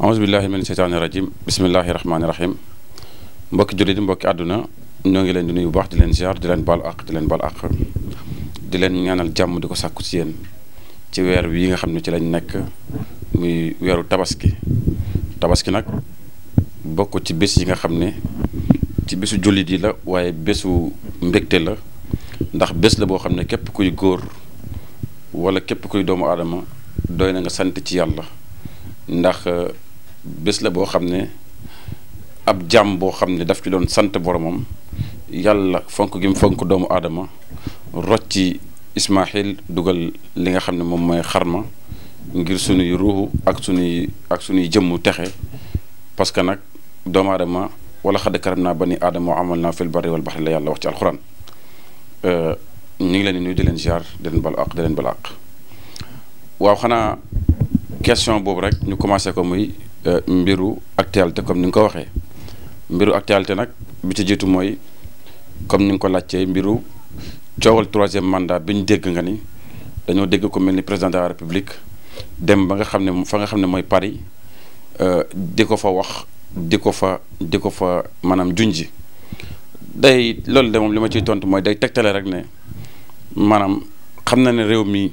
أعوذ بالله من الشيطان الرجيم بسم الله الرحمن الرحيم مبك جريد مبك أدنى نوغي لين نيو باخ دي لين زيار دي لين بال اخ دي لين بال اخ دي لين نيانال جام ديكو ساكو سين تي وير ويغا خامن تي لاني نيك مي ويرو تاباسكي تاباسكي ناك بوكو تي بيس ييغا خامن تي بيسو جولي دي لا واي بيسو مبكتي لا نداخ بيس لا بو خامن كيب كوي غور ولا كيب كوي دومو ادمه دوينا nga sante ci yalla ndax bés la boo xam ne ab jàmm boo xam ne daf ci doon sant boromam yàlla fonk gi mu fonk doomu aadama rocci Ismaahil dugal li nga xam ne moom mooy xarma ngir sunuy ruuxu ak sunuy ak sunuy jëmmu texe parce que nag doomu aadama wala xadd karam naa bani aadama amal naa fil barri la yàlla wax ci alxuraan euh, ñu ngi leen di di leen ziar di leen bal àq waaw xanaa question boobu rek ñu commencé ko muy. Euh, mbiru actualité comme ni nga ko waxee mbiru actualité nag bi ci jiitu mooy comme ni nga ko laajtee mbiru coowal troisième mandat bi ñu dégg nga ni dañoo dégg ko mel ni président de la république dem ba nga xam ne fa nga xam ne mooy Paris euh, di ko fa wax di ko fa di ko fa maanaam junji day loolu de moom li ma ciy tontu mooy day tegtale rek ne maanaam xam na ne réew mi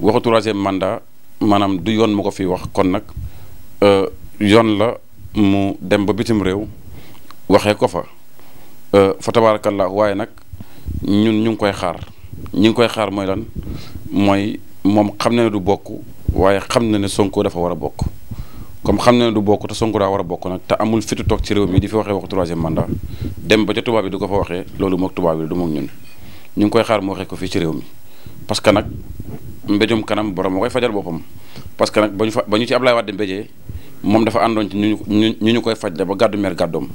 waxu troisième mandat maanaam du yoon mu ko fi wax kon nag. Euh, yoon la mu dem ba bitim réew waxee ko fa euh, fa tabaarakallaahu waaye nag ñun ñu ngi koy xaar ñu ngi koy xaar mooy lan mooy moom xam na du bokk waaye xam na ne Sonko dafa war a bokk comme xam na du bokk te Sonko daa a bokk nag te amul fitu toog ci réew mi di fi waxee waxu troisième mandat dem ba ca tubaab bi du ko fa waxee loolu moog tubaab bi du moog ñun ñu ngi koy xaar mu waxee ko fii ci réew mi parce que nag mbéjum kanam borom moo koy fajal boppam parce que nag ba ñu fa ba ñu ci Ablaye Wade mbéjee moom dafa àndoon ci ñu ñu ñu ñu koy fajle ba gàddu meer gàddoom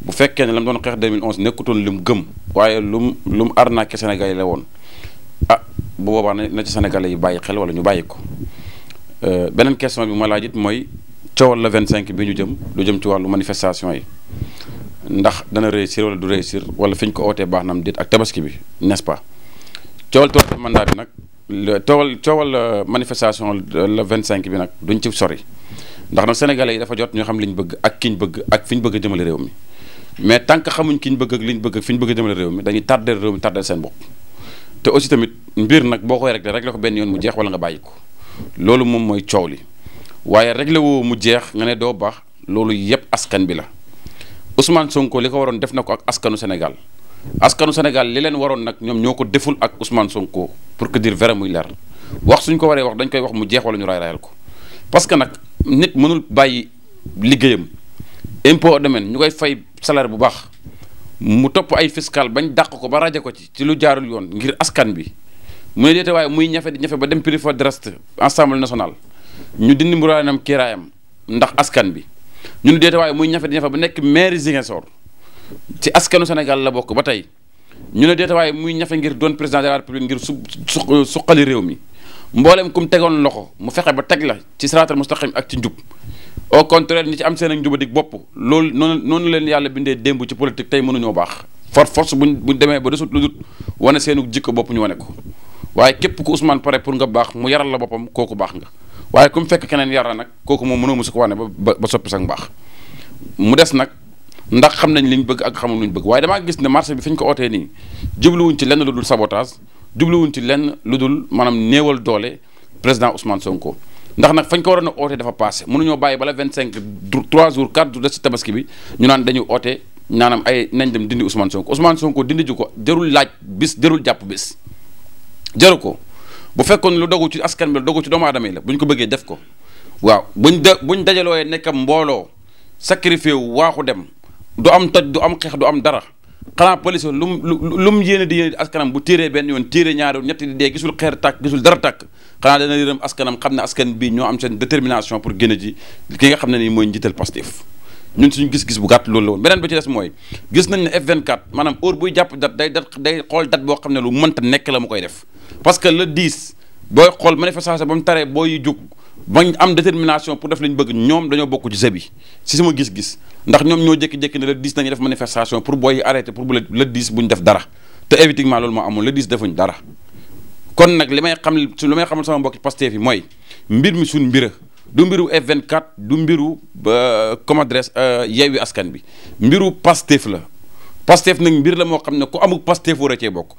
bu fekkee ne la mu doon xeex 2011 nekkutoon lu mu gëm waaye lu mu lu mu arnaqué Sénégal yi la woon ah bu boobaa na ci Sénégalais yi bàyyi xel wala ñu bàyyi ko euh, beneen question bi ma laaj mooy coowal la cinq bi ñu jëm lu jëm ci wàllu manifestation yi ndax dana réussir wala du réussir wala fi ñu ko ootee baax na am déet ak tabaski bi nest pa pas coowal troisième mandat bi nag coowal coowal euh, manifestation euh, la 25 bi nag duñ ci sori. ndax na sénégalais yi dafa jot ñu xam liñ bëgg ak kiñ bëgg ak fiñ bëgg a jëmale réew mi mais tant que xamuñ kiñ bëgg ak liñ bëgg ak bëgg réew mi dañuy tardé réew mi tardé seen bopp te aussi tamit mbir nak boko koy réglé réglé ko ben yoon mu jeex wala nga bayiko ko mom moy ciowli waye li waaye réglé mu jeex nga né do bax lolu yépp askan bi la Ousmane Sonko liko ko def nako ak askanu Sénégal askanu Sénégal li leen waron nak ñom ñoko deful ak Ousmane Sonko pour que dire vraiment muy lèr wax suñ ko waré wax dañ koy wax mu jeex wala ñu ray rayal ko parce que nak nit mënul bàyyi liggéeyam impôt domaine ñu koy fay salaire bu baax mu topp ay fiscal bañ dàq ko ba rajo ko ci ci lu jaarul yoon ngir askan bi mu ne deete waaye muy ñafe di ñafe ba dem prix fort drest assemblée nationale ñu dindi kiiraayam ndax askan bi ñu ne deete waaye muy ñafe ñafe ba nekk maire Ziguinchor ci askanu Sénégal la bokk ba tey ñu ne deete waaye muy ñafe ngir doon président de la république ngir su suqali réew mi mbooleem mboolem kum tegoon loxo mu fexe ba teg la ci siraatal mustaqim ak ci njub au contraire ñi ci am seen ak njubadik bopp loolu noonu noonu leen yàlla bindee démb ci politique tey mënuñoo baax for force buñ buñ demee ba desut lu dut wane seenu jikko bopp ñu wane ko waaye képp ku Ousmane pare pour nga baax mu yaral la boppam kooku baax nga waaye ku mu fekk keneen yar la nag kooku moom mënoo musu ko wane ba ba soppi sax baax mu des nag ndax xam nañ liñ bëgg ak xamul luñ bëgg waaye damaa gis ne marché bi fi ko ootee nii jubluwuñ ci lenn lu dul sabotage jubluwuñ ci lenn lu dul maanaam néewal doole président Ousmane Sonko ndax nag fañ ko waroon a oote dafa passé mënuñoo bàyyi bala vingt cinq 3 jours 4 jours des ci tabaski bi ñu naan dañuy oote naanam ay nañ dem dindi Ousmane Sonko Ousmane Sonko dindi ju ko jarul laaj bis jarul jàpp bis jaru ko bu fekkoon lu dogu ci askan bi lu dogu ci doomu aadama yi la bu ñu ko bëggee def ko waaw buñ de buñ dajalooyee nekkam mbooloo sacrifice waaxu dem du am toj du am xeex du am dara xanaa police lu mu lu mu yéene di yéene askanam bu tiiree benn yoon tiiree ñaari yoon ñetti di dee gisul xeer tàkk gisul dara tàkk xanaa dana yërëm askanam xam ne askan bii ñoo am seen détermination pour génn ji ki nga xam ne nii mooy njiital Pastef ñun suñu gis-gis bu gàtt loolu la woon beneen bi ci des mooy gis nañ ne F24 maanaam heure buy jàpp date day dat day xool date boo xam ne lu mënta nekk la mu koy def parce que le 10 booy xool manifestation ba mu taree booy jóg bañ am détermination pour def lañ bëgg ñoom dañoo bokk ci sëbi si sama gis-gis ndax ñoom ñoo jékki-jékki ne le nañu def manifestation pour booy arrêté pour bu le le 10 bu ñu def dara te évidemment loolu moo amul le 10 defuñ dara kon nag li xam li may sama mbokki Pastef yi mooy mbir mi suñ mbira du mbiru F24 du mbiru comme adresse Yewwi Askan Wi mbiru Pastef la Pastef nag mbir la moo xam ne ku Pastef war a cee bokk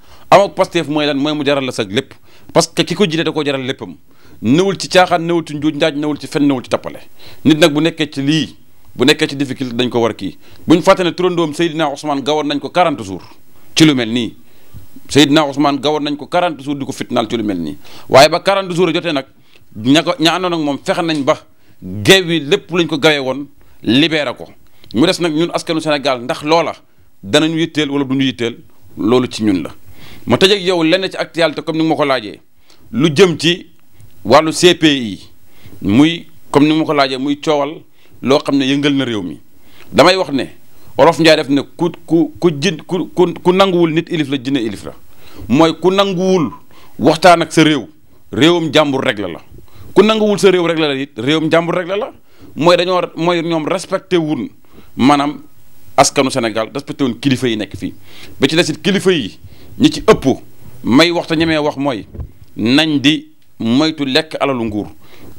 Pastef mooy lan mooy mu jaral la sax lépp parce que ki ko jiite da koo jaral léppam newul ci caaxaan newul ci njuuj njaaj newul ci fen newul ci tappale nit nag bu nekkee ci lii bu nekkee ci difficulté dañ ko war a kii buñ fàtte ne turandoom Seydina Ousmane gawoon nañ ko 40 jours ci lu mel nii Seydina Ousmane gawoon nañ ko 40 jours di ko fitnaal ci lu mel nii waaye ba 40 jours a jotee nag ña ko ña àndoon ak moom fexe nañ ba géew yi lépp luñ ko gawee woon libéré ko mu des nag ñun askanu Sénégal ndax loola danañu yitteel wala du ñu yitteel loolu ci ñun la ma tëj ak yow lenn ci actualité comme nu ma ko laajee lu jëm ci wàllu CPI muy comme ni ma ko laajee muy coowal loo xam ne yëngal na réew mi damay wax ne olof Njaay def ne ku ku ku jin ku ku nanguwul nit ilif la jinne ilif la mooy ku nanguwul waxtaan ak sa réew réewum jàmbur rek la la ku nanguwul sa réew rek la la it réewam jàmbur rek la la mooy dañoo mooy ñoom respecté wun maanaam askanu Sénégal respecté wun kilifa yi nekk fii ba ci des it kilifa yi ñi ci ëpp may wax te ñemee wax mooy nañ di moytu lekk alalu nguur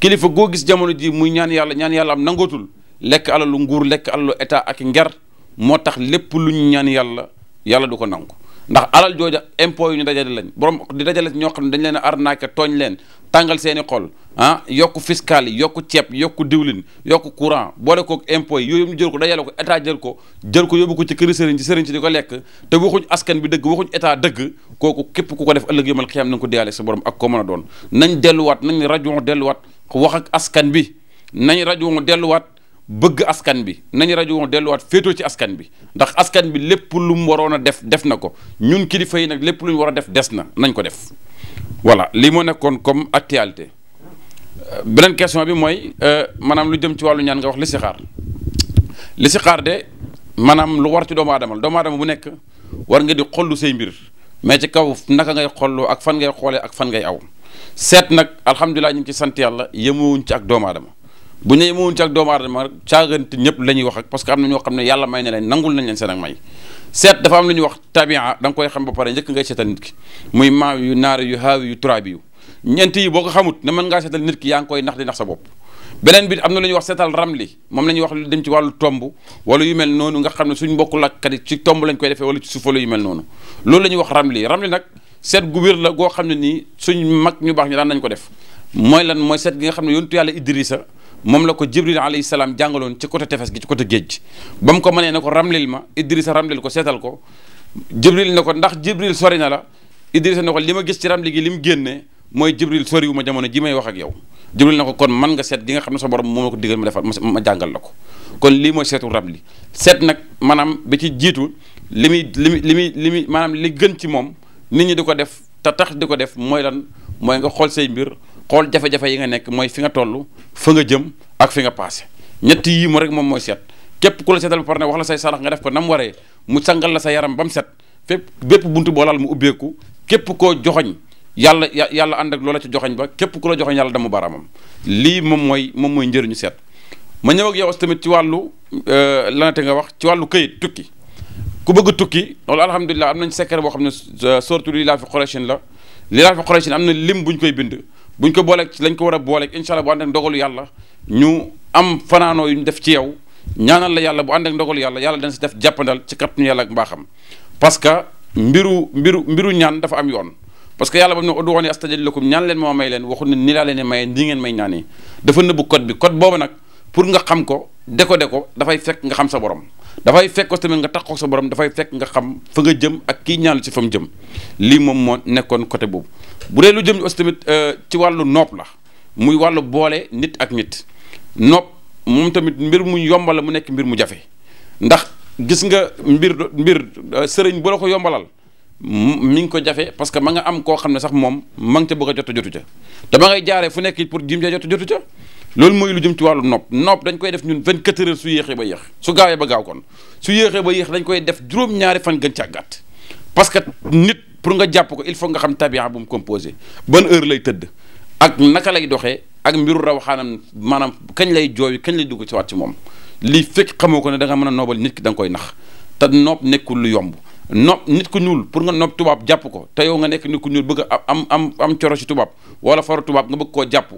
kilifa goo gis jamono ji muy ñaan yàlla ñaan yàlla am nangootul lekk alalu nguur lekk alalu état ak i nger moo tax lépp lu ñaan yàlla yàlla du ko nangu ndax alal jooja impôt yu ñu dajale lañ borom di dajale ñoo xam ne dañ leen a tooñ leen tàngal seeni xol ah yokk fiskaal yi yokk ceeb yokk diwlin yokk courant boole kook impôt yi yooyu ñu jël ko dajale ko état jël ko jël ko yóbbu ko ci këri sëriñ ci sëriñ ci di ko lekk te waxuñ askan bi dëgg waxuñ état dëgg kooku képp ku ko def ëllëg yëmal xiyam na ko diyaale sa borom ak ko a doon nañ delluwaat nañ rajo delluwaat wax ak askan bi nañ rajo delluwaat bëgg askan bi nañ rajo delluwaat féetoo ci askan bi ndax askan bi lépp lu mu waroon a def def na ko ñun kilifa yi nag lépp lu ñu war a def des na nañ ko def voilà lii moo nekkoon comme actualité euh, beneen question bi mooy euh, maanaam lu jëm ci wàllu ñaan nga wax listixaar listixaar de maanaam lu war ci doomu aadama doomu adama bu nekk war nga di xollu say mbir mais ci kaw naka ngay xolloo ak fan ngay xoolee ak fan ngay aw seet nag alhamdulilah ñu ci sant yàlla yemuwuñ ci ak doomu aadama bu ñu yemoon ci ak doomu aadama rek caagante ñëpp la ñuy wax ak parce que am na ñoo xam ne yàlla may na leen nangul nañ leen seen ak may seet dafa am lu ñuy wax tabia da nga koy xam ba pare njëkk ngay seetal nit ki muy yu naar yu yi boo ko xamut ne mën ngaa seetal nit ki yaa ngi koy nax di nax bopp beneen bi am na lu ñuy wax seetal ramli moom la ñuy wax lu dem ci wàllu wala yu mel noonu nga xam ne suñ mbokku lakkat yi ci tomb lañ koy defee wala ci yu mel noonu loolu la ñuy wax ramli ramli nag seet gu wér la goo xam ne nii suñ mag ñu baax ñu daan nañ ko def mooy lan mooy seet gi nga xam ne yontu yàlla Idrissa moom la ko jibril alayhi salaam jàngaloon ci côté tefes gi ci côté géej gi ba mu ko mënee ne ko ramlil ma idrisa ramlil ko seetal ko jibril na ko ndax jibril sori na la idrisa na ko li ma gis ci ramli gi li mu génnee mooy jibril soriwu ma jamono ji may wax ak yow jibril na ko kon man nga seet gi nga xam ne sa borom moom la ko digal ma defal ma jàngal la ko kon lii mooy seetu ramli seet nag maanaam bi ci jiitu li muy li muy li muy li muy maanaam li gën ci moom nit ñi di ko def te tax di ko def mooy lan mooy nga xool say mbir xool jafe-jafe yi nga nekk mooy fi nga toll fa nga jëm ak fi nga paase ñetti yii rek moom mooy seet képp ku la seetal ba pare ne wax la say sarax nga def ko nam waree mu sangal la sa yaram ba mu set fépp bépp buntu boolal mu ubbeeku képp koo joxoñ yàlla yàlla ànd ak loola ci joxoñ ba képp ku la joxoñ yàlla damu baaraamam lii moom mooy moom mooy njëriñu seet ma ñëw ak yow tamit ci wàllu euh, lanate nga wax ci wàllu këyit tukki ku bëgg tukki loolu alhamdulilah am nañ secret boo xam ne euh, surtout li laa fi xoreeshin la li laa am na lim buñ koy bind buñ ko ci lañ ko war a booleeg incha allah bu ànd ak ndogalu yàlla ñu am fanaanoo yu ñu def ci yow ñaanal la yàlla bu ànd ak ndogalu yàlla yàlla dana si def jàppandal ci kàttanu yàlla ak mbaaxam parce que mbiru mbiru mbiru ñaan dafa am yoon parce que yàlla ba mu ne ud'uuni astajib lakum ñaan leen moo may leen waxul ne ni laa leen maye nii ngeen may ñaanee dafa nëbbu code bi code boobu nag pour nga xam ko décoder ko dafay fekk nga xam sa borom dafay fekk tamit nga taxaw sa borom dafay fekk nga xam fa nga jëm ak kii ñaanlu fa mu jëm lii moom moo nekkoon côté boobu bu dee lu jëm aussi tamit euh, ci wàllu nopp la muy wàllu boole nit ak nit nopp moom tamit mbir mu yombal la mu nekk mbir mu jafe ndax gis nga mbir mbir euh, sëriñ bu la ko yombalal mi ngi ko jafe parce que ma nga am koo xam ne sax moom ma nga ca bëgg a jot jotu ca te ma ngay jaaree fu nekk pour jim ca jot jotu ca loolu mooy lu jëm ci wàllu nopp nopp dañ koy def ñun 24 heures su yéexee ba yéex su gaawee ba gaaw kon su yéexee ba yéex dañ koy def juróom-ñaari fan pour nga jàpp ko il faut nga xam tabia bu mu composé ban heure lay tëdd ak naka lay doxee ak mbiru raw rawaxaanam maanaam kañ lay jooy kañ lay dugg ci waat ci moom lii fekk xamoo ko ne da mën a noobal nit ki koy nax te noob nekkul lu yomb nopp nit ku ñuul pour nga nopp tubaab jàpp ko te yow nga nekk nit ku ñuul bëgg a am am am coro ci tubaab wala faru tubaab nga bëgg koo jàpp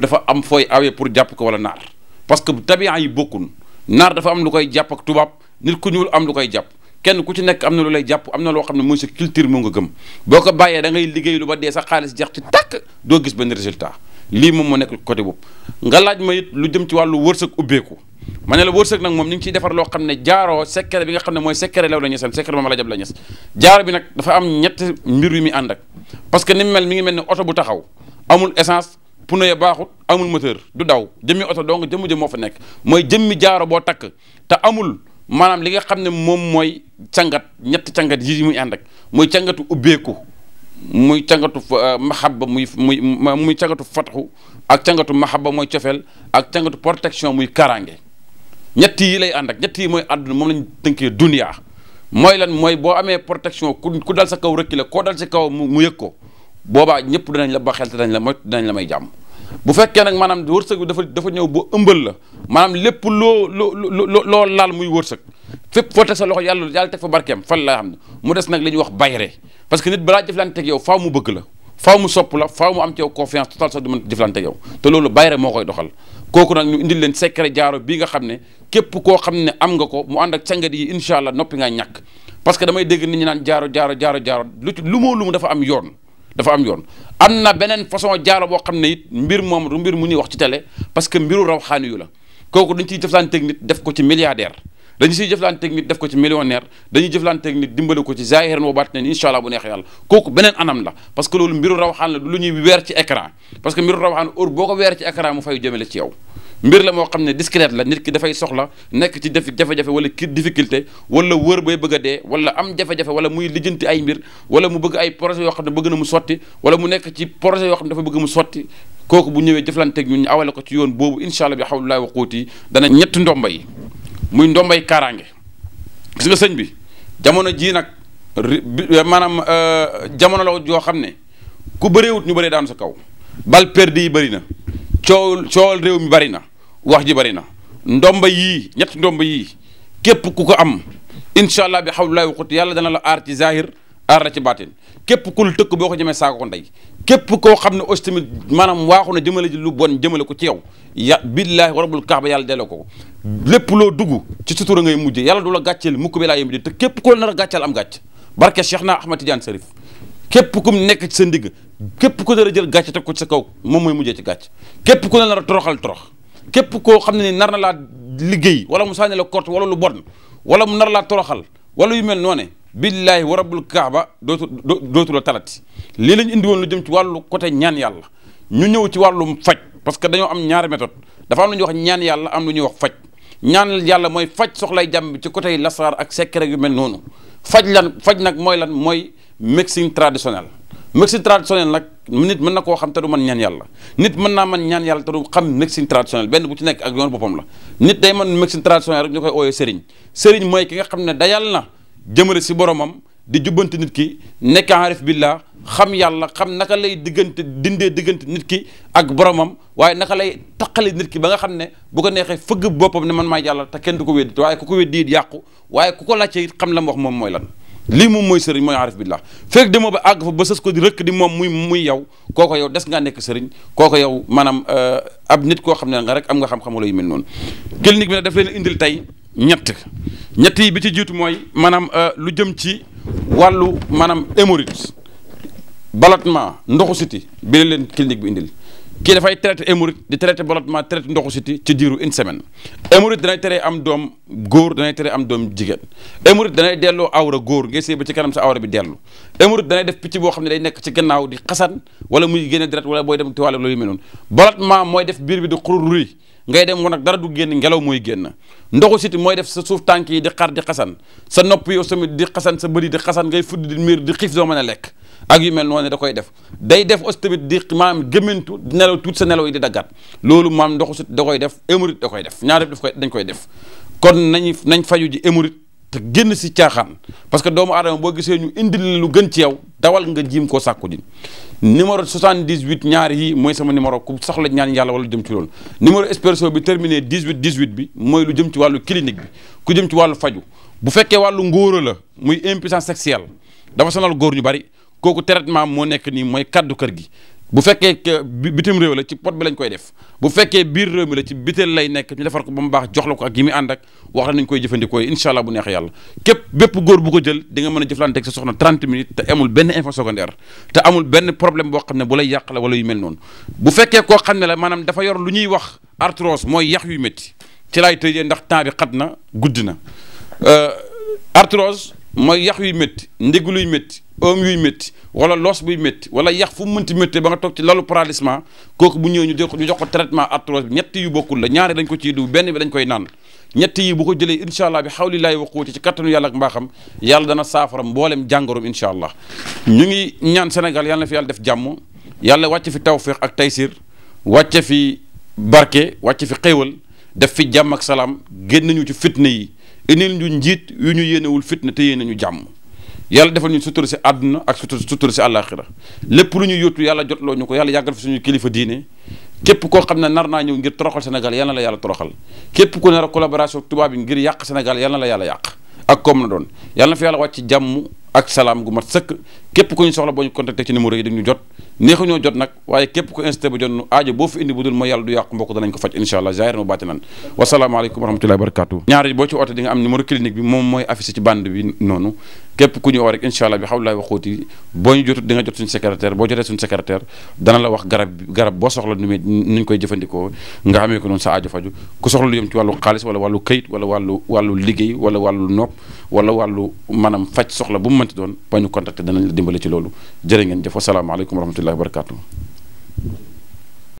dafa am fooy awee pour jàpp ko wala naar parce que tabiya yi bokkun naar dafa am lu koy jàpp tubaab nit ku ñuul am lu koy jàpp kenn ku ci nekk am na lu lay jàpp am na loo xam ne mooy sa culture moo nga gëm boo ko bàyyee da ngay liggéey lu ba dee sa xaalis jeex ci tàkk doo gis benn résultat lii moom moo nekk côté boobu nga laaj ma it lu jëm ci wàllu wërsëg ubbeeku ma ne la wërsëg nag moom ñu ngi ciy defar loo xam ne jaaroo secret bi nga xam ne mooy secret law la ñeseen secret moom la jab la ñes jaaro bi nag dafa am ñetti mbir yu muy ànd ak parce que ni mu mel mi ngi mel ne oto bu taxaw amul essence pneu ya baaxut amul moteur du daw jëmmi oto donc jëmmu jëm moo fa nekk mooy jëmmi jaaro boo takk te amul maanaam li nga xam ne moom mooy cangat ñetti cangat yi muy ànd ak muy cangatu ubbeeku muy cangatu euh, maxabba muy muy muy cangatu fatxu ak cangatu maxabba mooy cofeel ak cangatu protection muy karaange ñett yi lay ànd ak ñett yi mooy àdduna moom lañ tënkee dunia mooy lan mooy boo amee protection ku ku dal sa kaw rëkki la koo dal sa kaw mu yëg ko boobaa ñëpp danañ la ba xel te dañ la moytu danañ la may jàmm bu fekkee nag maanaam wërsëg bi dafa dafa ñëw ba ëmbal la maanaam lépp loo loo loo laal muy wërsëg fépp foo teg sa loxo yàlla yàlla teg fa barkeem fan laa xam ne mu des nag li ñuy wax bayre parce que nit balaa jëflanteeg yow faaw mu bëgg la faaw mu sopp la faaw mu am ci yow confiance totale sax du mën jëflanteeg yow te loolu bayre moo koy doxal kooku nag ñu indil leen secret jaaro bii nga xam ne képp koo xam ne am nga ko mu ànd ak cangat yi incha allah noppi ngaa ñàkk parce que damay dégg nit ñi naan jaaro jaaro jaaro jaaro lu ci lu mu dafa am yoon dafa am yoon amna benen façon jaaro bo xamne nit mbir mom du mbir mu ni wax ci télé parce que mbiru raw xaani yu la koku dañ ci jeflanté nit def ko ci milliardaire dañ ci jeflanté nit def ko ci millionnaire dañ ci jeflanté nit dimbale ko ci zahir no batné inshallah bu neex yàlla koku benen anam la parce que lolu mbiru raw xaan la du lu ñuy wër ci écran parce que mbiru raw xaan heure boo ko ci écran mu fay jëmelé ci yow mbir la mo xamne ne discrète la nit ki da fay soxla nek ci def jafe-jafe wala ki difficulté wala wër boy bëgg dé wala am jafe-jafe wala muy lijjanti ay mbir wala mu bëgg ay projet yo xamne bëgg na mu soti wala mu nek ci projet yo xamne ne dafa bëgg mu soti koku bu ñëwé jëflanté ak ñun ñu awale ko ci yoon bobu inshallah bi xawlulaay wa quwwati dana ñett ndombay muy ndombay karangé gis nga sëñ bi jamono ji nak manam euh jamono la jo xamne ne ku bëreewut ñu bëré daan sa kaw bal perdi bari na coowul coowal réew mi bari na wax ji bari na ndomba yii ñett ndomba yii képp ku ko am incha allah bi xawlulaay waxut yàlla dana la aar ci zahir aar la ci baatin képp ku tëkk boo ko jëmee saako ko ndey képp koo xam ne aussi tamit maanaam waaxu na jëmale ji lu bon jëmale ko ci yow ya billaahi warabul kaaba yàlla delloo ko lépp loo dugg ci sutura ngay mujj yàlla du la gàcceel mukk bi laa yem di te képp koo nar a gàcceel am gàcc barke Cheikh na Ahmad Tidiane Serif képp kum nekk ci sa ndigg képp ku dara jël gàcce teg ko ci sa kaw moom mooy mujjee ci gàcce képp ku ne nar a toroxal torox képp koo xam ne nar na laa liggéey wala mu sànni la kort wala lu bon wala mu nara laa toroxal wala yu mel noone billaahi wa rabbul kaaba dootu dootu la talati lii lañ indi woon lu jëm ci wàllu côté ñaan yàlla ñu ñëw ci wàllum faj parce que dañoo am ñaari méthode dafa am lu ñuy wax ñaan yàlla am lu ñuy wax faj ñaan yàlla mooy faj soxlay jàmm bi côté yi ak secret yu mel noonu faj lan faj nag mooy lan mooy médecine traditionnelle médecine traditionnelle nag nit mën na koo xam te du mën ñaan yàlla nit mën naa mën ñaan yàlla te du xam médecine traditionnelle benn bu ci nekk ak yoon boppam la nit day mën médecine traditionnelle rek ñu koy ooyee sëriñ sëriñ mooy ki nga xam ne dayal na jëmale si boromam di jubbanti nit ki nekk arif billah xam yàlla xam naka lay diggante dindee diggante nit ki ak boromam waaye naka lay taqali nit ki ba nga xam ne bu ko neexee fëgg boppam ne man maay yàlla te kenn du ko weddi waaye ku ko weddi it yàqu waaye ku ko laajte it xam la mu wax mooy lan lii moom mooy sëriñ mooy aarif billah fekk demoo ba àgg fa ba sës ko di rëkk di moom muy muy yow kooko yow des nga nekk sëriñ kooko yow maanaam euh, ab nit koo xam ne nga rek am nga xam-xam wala yu mel noonu clinique bi nag daf leen indil tey ñett ñett yi bi ci jiitu mooy maanaam euh, lu jëm ci wàllu maanaam hémorroïdes ballottement ndoxu siti bi leen clinique bi indil kii dafay traité hémorroïde di traité ballonnement traité ndoxu siti ci diiru une semaine hémorroïde danay tere am doom góor danay tere am doom jigéen hémorroïde danay delloo awra góor ngay sëy ci kanam sa awra bi dellu hémorroïde danay def picc boo xam ne day nekk ci gannaaw di xasan wala muy génne deret wala booy dem tiwaale loolu mel noonu ballonnement mooy def biir bi di xurur ngay dem woon ak dara du génn ngelaw mooy génn ndoxu siti mooy def sa suuf tànk yi di xar di xasan sa nopp yow tamit di xasan sa bëri di xasan ngay fudd di miir di xiif doo mën a lekk ak yu mel noonu da koy def day def aussi tamit di maanaam gémmantu di sa nelaw yi di daggaat loolu maam ndoxu sut da koy def émorite da koy def ñaar yëpp daf koy dañ koy def kon nañu nañ faju ji émorite te génn si caaxaan parce que doomu aadama boo gisee ñu indi lu gën ci yow dawal nga jiim ko sàkku ji numéro 78 ñaar yi mooy sama numéro ku soxla ñaan yàlla wala jëm ci loolu numéro expresso bi terminé 18 18 bi mooy lu jëm ci wàllu clinique bi ku jëm ci wàllu faju bu fekkee wàllu ngóora la muy impuissance sexuelle dafa sonal góor ñu bari koku traitement mo nek ni moy kaddu keur gi bu fekke bitim rew la ci pot bi lañ koy def bu fekke bir rew mi la ci bitel lay nek ñu defar ko ba baax jox la ko ak yi ànd ak wax nañ koy jëfëndiko inshallah bu neex yàlla kep bépp góor bu ko jël di nga mëna jëflante ak sa soxna 30 minutes te amul benn info secondaire te amul benn problème bo xamne bu lay yàq la wala yu mel non bu fekke ko xamne la manam dafa yor lu ñuy wax arthrose moy yax yu métti ci lay tëjee ndax temps bi xatna guddina euh arthrose mooy yax yuy métti ndigluy métti oom yuy métti wala loos buy métti wala yax fu mu mënti métti ba nga toog ci lalu paralysement kooku bu ñëwee ñu jox ñu jox ko traitement arthrose bi ñett yu bokkul la ñaari dañ ko ciy du benn bi dañ koy naan ñett yi bu ko jëlee incha allah bi xawlilaay wa quwwati ci kattanu yàlla ak mbaaxam yàlla dana saafara mboolem jàngoroom incha allah ñu ngi ñaan Sénégal yàlla fi yàlla def jàmm yàlla wàcc fi tawfiq ak taysir wàcce fi barke wàcce fi xéewal def fi jàmm ak salaam génn ci fitna yi inil ñu njit yu ñu yeneewul fitna te yene ñu jàmm yàlla defal ñu sutur ci aduna ak sutura sutur ci alakhirah lépp lu ñu yottu yàlla jotlo ñu ko yàlla yagal fi suñu kilifa diine kep ko xamne nar na ñëw ngir toroxal Sénégal yalla la yàlla toroxal kep ko nar collaboration ak tuba bi ngir yàq Sénégal yalla la yàlla yàq ak kom na doon yàlla fi yàlla wàcc jàmm ak salam gu mat sëkk képp ku ñu soxla boo ñu contacté ci numéro yi dañu jot neexu ñoo jot nag waaye képp ku boo wa rahmatullahi wa barakatuh ñaari boo ci oote di nga am numéro clinique bi moom mooy affiché ci bande bi noonu képp ku ñu oo rek incha boo ñu jotut di boo jotee suñu secrétaire dana la wax garab boo soxla nu muy nuñ koy jëfandikoo nga xamee ko noonu sa aajo faju ku soxla lu yëm ci wàllu xaalis wàllu këyit wàllu liggéey wàllu nopp wàllu maanaam faj soxla bu mu mënti doon boo ñu contacté danañ la dimbale ci loolu jërë ngeen jëf wasalaamaaleykum wa rahmatullahi wa barakatuh